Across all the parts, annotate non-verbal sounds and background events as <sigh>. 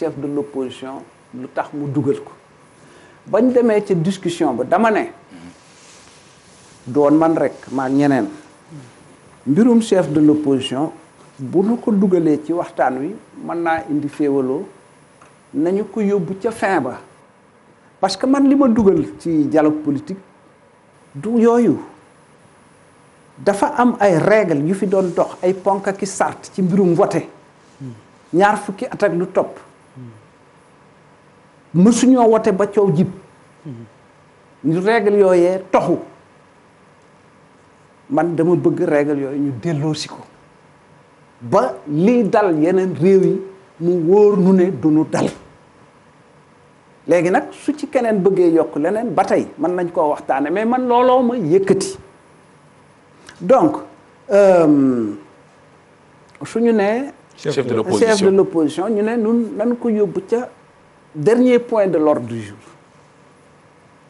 chef de l'opposition lu tax mu dugal ko bañ demee ca discussion ba dama ne doon man rek maak ñeneen mbirum chef de l'opposition bu nu ko dugalee ci waxtaan wi mën naa indi féewaloo nañu ko yóbbu ca fin ba parce que man li ma dugal ci dialogue politique du yooyu dafa am ay règles yu fi doon dox ay ponk ak i sart ci mbirum vote ñaar fukki at ak lu topp mësuñoo wote ba coow jib ñu règle yooyee toxu man dama bëgg règle yooyu ñu delloosi ko ba lii dal yeneen réew yi mu wóor nu ne du nu dal léegi nag su ci keneen bëggee yokk leneen ba tey man nañ koo waxtaane mais man looloo ma yëkkati donc su ñu nee chef de l'opposition ñu ne nun nan ko yóbbu ca dernier point de l'ordre du jour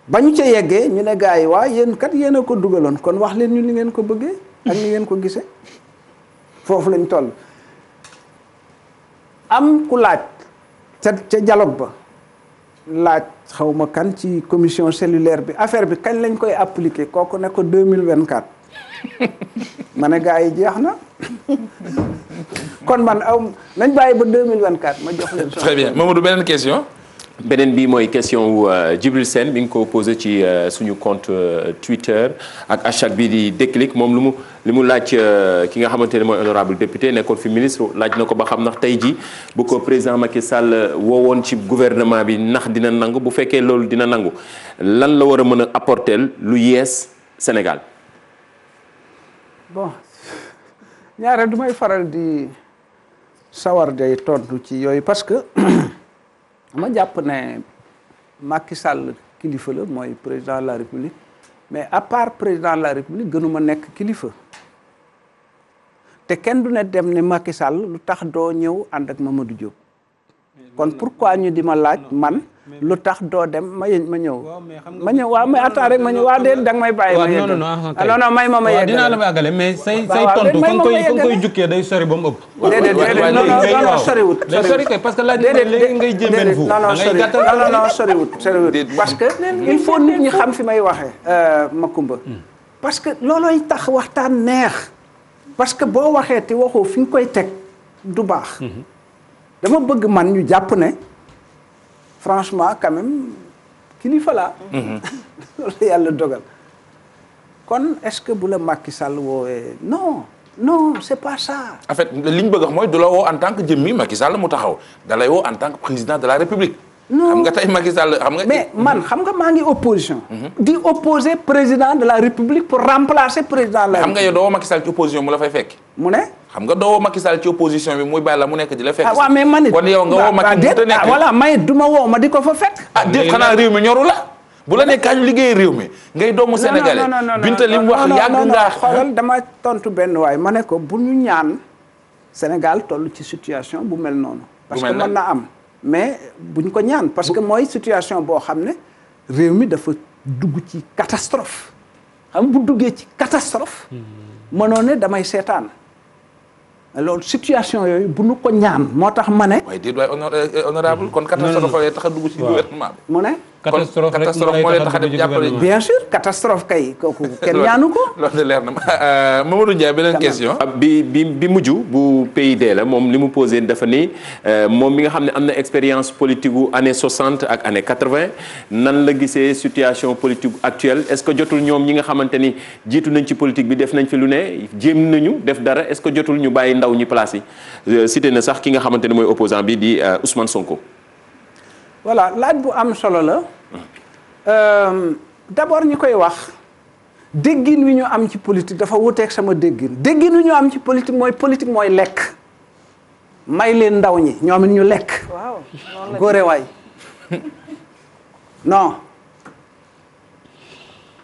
ba ñu ca yeggee ñu ne gars yi waa yéen kat yéen a ko dugaloon kon wax leen ñu li ngeen ko bëggee ak ni ngeen ko gisee foofu lañ toll am ku laaj ca ca dialogue ba laaj xaw kan ci commission cellulaire bi affaire bi kañ lañ koy appliquer kooku ne ko deux mille vingt quatre <laughs> ma ne gars yi jeex na kon man aw nañ bàyyi ba ma jox leen. très bien Mamadou beneen question. beneen bi mooy question wu euh, Djibril Sène bi nga ko posé ci euh, suñu compte euh, Twitter ak hashtag bi di déclic moom lu mu li mu laaj ki nga xamante ne mooy honorable député nekkoon fi ministre laaj na ko ba xam ndax tey jii bu ko président Macky Sall woowoon ci gouvernement bi ndax dina nangu bu fekkee loolu dina nangu lan la war a mën a apporter lu yees Sénégal. bon <laughs> du may faral di. sawar day tontu ci yooyu parce que <clears throat> ma jàpp ne Macky Sall kilifa la mooy président la république mais à part président la république gënuma nekk kilifa te kenn du ne dem ne Macky Sall lu tax doo ñëw ànd ak Mamadou Diop kon pourquoi ñu di laaj man lu tax doo dem ma yéen ma ñëw. ma ñëw waaw mais attends rek ma ñëw waaw déedéet danga may bàyyi. ma yegg non non ah, non may ma ma yegg dinaa la ma àggale say say tontu nga koy fa nga koy jukkee day sori ba ëpp. déedéet déedéet non parce que laaj bi léegi ngay jéemeen fu. da ngay gàttal non non soriwut soriwut parce que il faut nit ñi xam fi may waxee. Euh, Makumba. Hmm. parce que loolooy tax waxtaan neex. parce que boo waxee te waxoo fi nga koy teg du baax. Hmm. dama bëgg man ñu jàpp ne. franchement quand même kilifa laa. Mhm. <laughs> yàlla dogal. kon est-ce que bu la Macky Sall woowee non non c'est pas ça. en fait li ñu bëgg a wax mooy du la en tant que jëmmi Macky Sall mu taxaw da lay woo en tant que président de la République. xam nga tey Macky Sall xam nga. mais man mm-hmm. xam nga maa ngi opposition. Mm-hmm. di opposer président de la république pour remplacer président de la. xam nga yow doo Macky Sall ci opposition mu la fay fekk. mu ne. xam nga doo Macky Sall bi muy bàyyi la mu nekk di la fekk. ah waaw mais man kon yow nga woo ah, ma woo ma di ko fa fekk. ah déet xanaa réew mi ñoru la. bu la nekkee ñu liggéey réew mi ngay doomu sénégalais. binta li mu wax yàgg nga. xoolal dama tontu benn waay ma ne ko bu ñu ñaan Sénégal toll ci situation bu mel noonu. parce que mën na am mais buñ ko ñaan parce que mooy situation boo xam ne réew mi dafa dugg ci catastrophe xam bu duggee ci catastrophe mënoo ne damay seetaan loolu situation yooyu bu nu ko ñaan moo tax ma ne. waaye déedéet waaye honorable mm-hmm. kon catastrophe yooyu tax a dugg ci gouvernement bi mu ne. catastrophe rek moo leen tax a dem jàppale bien sûr catastrophe kay kooku <laughs> kenn ñaanu ko. <laughs> loolu leer na ma <laughs> euh, Mamadou Ndiaye beneen question. Ah, bi bi bi mujj bu dee la moom li mu posé dafa ni euh, moom mi nga xam ne am na expérience politique gu année 60 ak année 80 nan la gisee situation politique actuelle est ce que jotul ñoom ñi nga xamante ni jiitu nañ ci politique bi def nañ fi lu ne jéem nañu def dara est ce que jotul ñu bàyyi ndaw ñi place yi euh, cité na sax ki nga xamante ni mooy opposant bi di Ousmane Sonko. voilà laaj bu am solo la euh, d'abord ñi koy wax déggin wi ñu am ci politique dafa wuteeg sama déggin déggin wi ñu am ci politique mooy politique mooy lekk may leen ndaw ñi ñoom ñu lekk. waaw góore waay non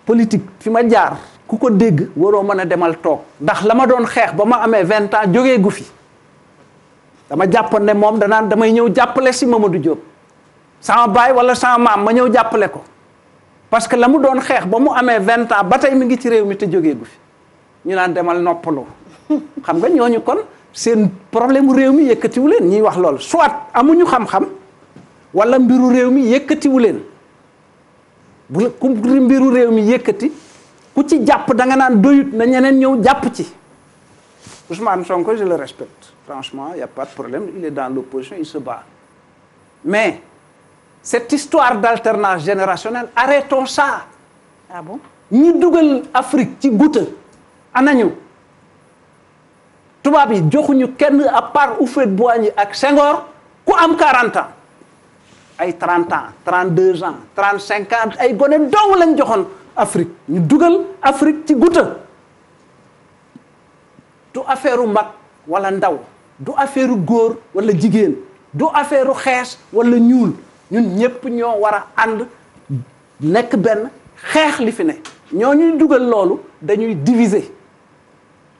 politique fi ma jaar ku ko dégg waroo mën a demal toog ndax la ma doon xeex ba ma amee vingt ans jógee gu fi dama jàppoon ne moom danaan damay ñëw jàppale si ma ma du Diop. sama baay wala sama maam ma ñëw jàppale ko parce que la mu doon xeex ba mu amee vingt ans ba tey mi ngi ci réew mi te jógee gu fi ñu naan demal noppaloo xam nga ñooñu kon seen problème réew mi yëkkatiwu leen ñiy wax loolu soit amuñu xam wala mbiru réew mi yëkkatiwu leen bu ku mbiru réew mi yëkkati ku ci jàpp da nga naan doyut na ñeneen ñëw jàpp ci Ousmane Sonko je le respecte franchement y a pas de problème il est dans l'opposition il se bat mais cette histoire d'alternance générationnelle arrêtons ça ah bon ñi dugal Afrique ci guta anañu tubaab yi joxuñu kenn à part Houphouët-Boigny ak Senghor ku am 40 ans ay 30 ans 32 ans 35 ans ay gone dong lañ joxoon Afrique ñu dugal Afrique ci guta du wu mag wala ndaw du affaireu góor walla jigéen du wu xees wala ñuul ñun ñëpp ñoo war a ànd nekk benn xeex li fi ne ñoo ñuy dugal loolu dañuy diviser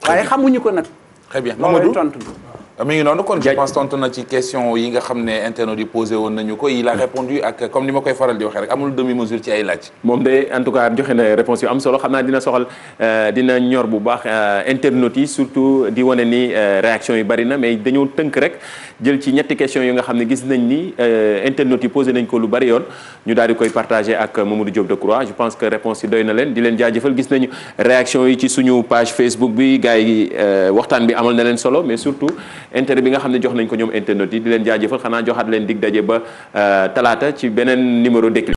waaye xamuñu ko nag. très bien Mamadou tontu Ah, mi ngi noonu kon je pense na ci question yi nga xam ne internautes yi posé woon nañu ko la a mm. répondu ak comme ni ma koy faral di waxee rek amul demi mesure ci ay laaj moom de en tout cas joxe na réponse yu am solo xam naa dina soxal euh, ñor bu baax euh, internautes yi surtout di wane ni euh, réaction yi bari na mais dañoo tënk rek jël ci ñetti question yi nga xam ne gis nañ ni internautes yi posé nañ ko lu bari yoon ñu daal di koy partagé ak Mamadou Diop Decroix je pense que réponse yi doy na leen di leen jaajëfal gis nañu réaction yi ci suñu page Facebook bi gars yi waxtaan bi amal na leen solo mais surtout intérêt bi nga xam ne jox nañ ko ñoom internet yi di leen jaajëfal xanaa joxaat leen dig daje ba euh, talaata ci beneen numéro déclic